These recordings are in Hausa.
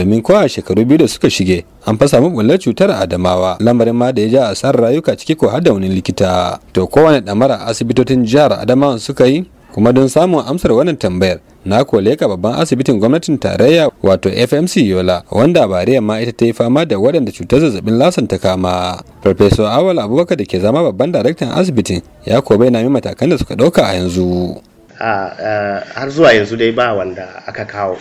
domin ko a shekaru biyu da suka shige an fa samu bullar cutar adamawa lamarin ma da ya ja a asarar rayuka ciki ko har da wani likita to kowane damara asibitocin jihar adamawa suka yi kuma don samun amsar wannan tambayar na koleka babban asibitin gwamnatin tarayya wato fmc yola wanda bariya ma ita ta yi fama da waɗanda cutar zazzabin lasan ta kama farfesa awal abubakar da ke zama babban daraktan asibitin ya ko bai nami matakan da suka ɗauka a yanzu har zuwa yanzu dai ba wanda aka kawo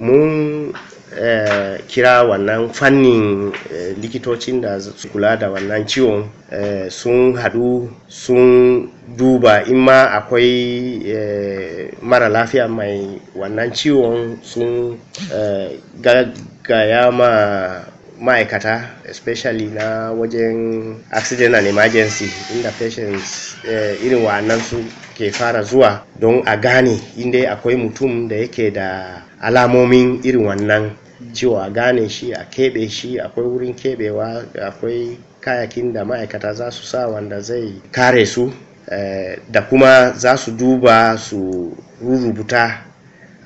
mun eh, kira wannan fannin eh, likitocin da su kula da wannan ciwon eh, sun hadu sun duba in ma akwai mara lafiya mai wannan ciwon sun gaya ma ma'aikata especially na wajen accident and emergency inda patients eh, irin wa'annan su ke fara zuwa don a gane inda akwai mutum da yake da alamomin irin wannan ciwo a gane shi a keɓe shi akwai wurin keɓewa akwai kayakin da ma'aikata za su sa wanda zai kare su eh, da kuma za su duba su rurubuta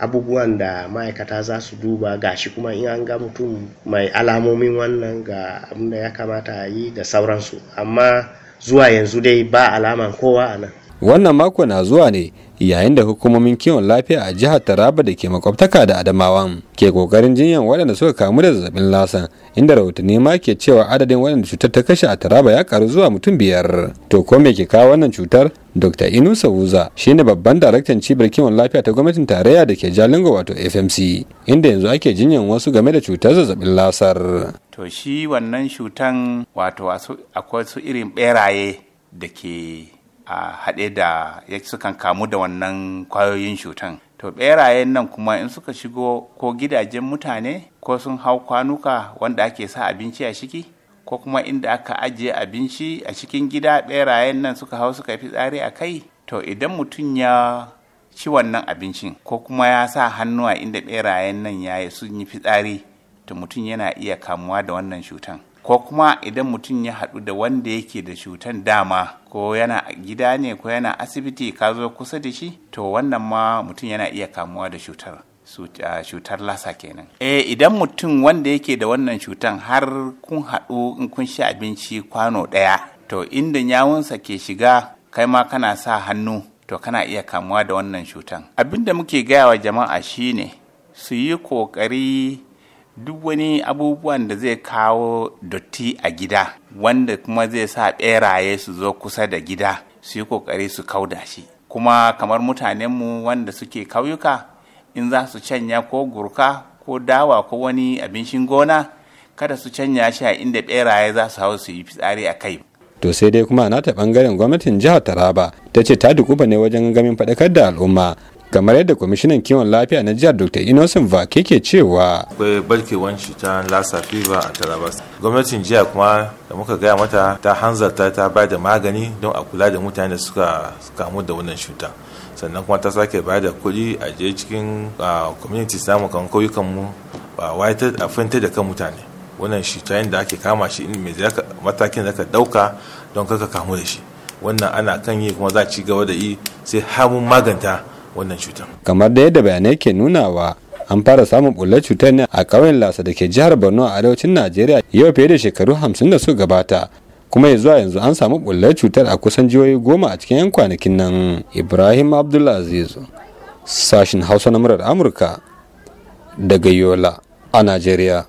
abubuwan da ma'aikata za su duba ga shi kuma in an ga mutum mai alamomin wannan ga abin da ya kamata a yi da sauransu amma zuwa yanzu dai ba alaman kowa a nan wannan mako na zuwa ne yayin da hukumomin kiwon lafiya a jihar taraba da ke makwabtaka da adamawan ke kokarin jinyan waɗanda suka kamu da zazzabin lasa inda rahotanni ma ke cewa adadin waɗanda cutar ta kashe a taraba ya karu zuwa mutum biyar to ko me ke kawo wannan cutar dr inusa sauza shine babban daraktan cibiyar kiwon lafiya ta gwamnatin tarayya da ke jalingo wato fmc inda yanzu ake jinyan wasu game da cutar zazzabin lasar to shi wannan cutan wato akwai su irin beraye da ke a haɗe da ya sukan kamu da wannan kwayoyin cutan to ɓerayen nan kuma in suka shigo ko gidajen mutane ko sun hau kwanuka wanda ake sa abinci a ciki ko kuma inda aka ajiye abinci a cikin gida ɓerayen nan suka hau suka fi tsari a kai to idan mutum ya ci wannan abincin ko kuma ya sa hannu a inda ɓerayen nan ya yi sun yi fitsari to mutum yana iya kamuwa da wannan cutan ko kuma idan mutum ya haɗu da wanda yake da cutan dama ko yana gida ne ko yana asibiti ka zo kusa da shi to wannan ma mutum yana iya kamuwa da cutar cutar lasa kenan e idan mutum wanda yake da wannan cutan har kun haɗu in kun sha abinci kwano ɗaya to inda yawunsa ke shiga kai ma kana sa hannu to kana iya kamuwa da wannan cutan abin da muke gaya wa jama'a shine su yi ƙoƙari duk wani abubuwan da zai kawo dotti a gida wanda kuma zai sa beraye su zo kusa da gida su yi kokari su kauda shi kuma kamar mutanenmu wanda suke kauyuka in za su canya ko gurka ko dawa ko wani abincin gona kada su canya shi a inda beraye za su hau su yi fitsari a kai to sai dai kuma a nata bangaren gwamnatin jihar taraba ta ce ta dukuba ne wajen gamin faɗakar da al'umma kamar yadda kwamishinan kiwon lafiya na jihar dr innocent va ke cewa akwai barkewan cuta lassa fever a tarabas gwamnatin jiya kuma da muka gaya mata ta hanzarta ta ba da magani don a kula da mutane da suka kamu da wannan cuta sannan kuma ta sake ba da kuɗi a je cikin communities samun kan mu ba wai ta afinta da kan mutane wannan cuta da ake kama shi in matakin da ka ɗauka don kaka kamu da shi wannan ana kan yi kuma za ci gaba da yi sai hamun maganta wannan cutar kamar da yadda bayanai ke nunawa an fara samun bullar cutar ne a ƙauyen lasa da ke jihar borno a arewacin najeriya yau fiye da shekaru hamsin da su gabata kuma zuwa yanzu an samu bullar cutar a kusan jihohi goma a cikin 'yan kwanakin nan ibrahim abdulaziz sashin hausa na murar amurka daga yola a najeriya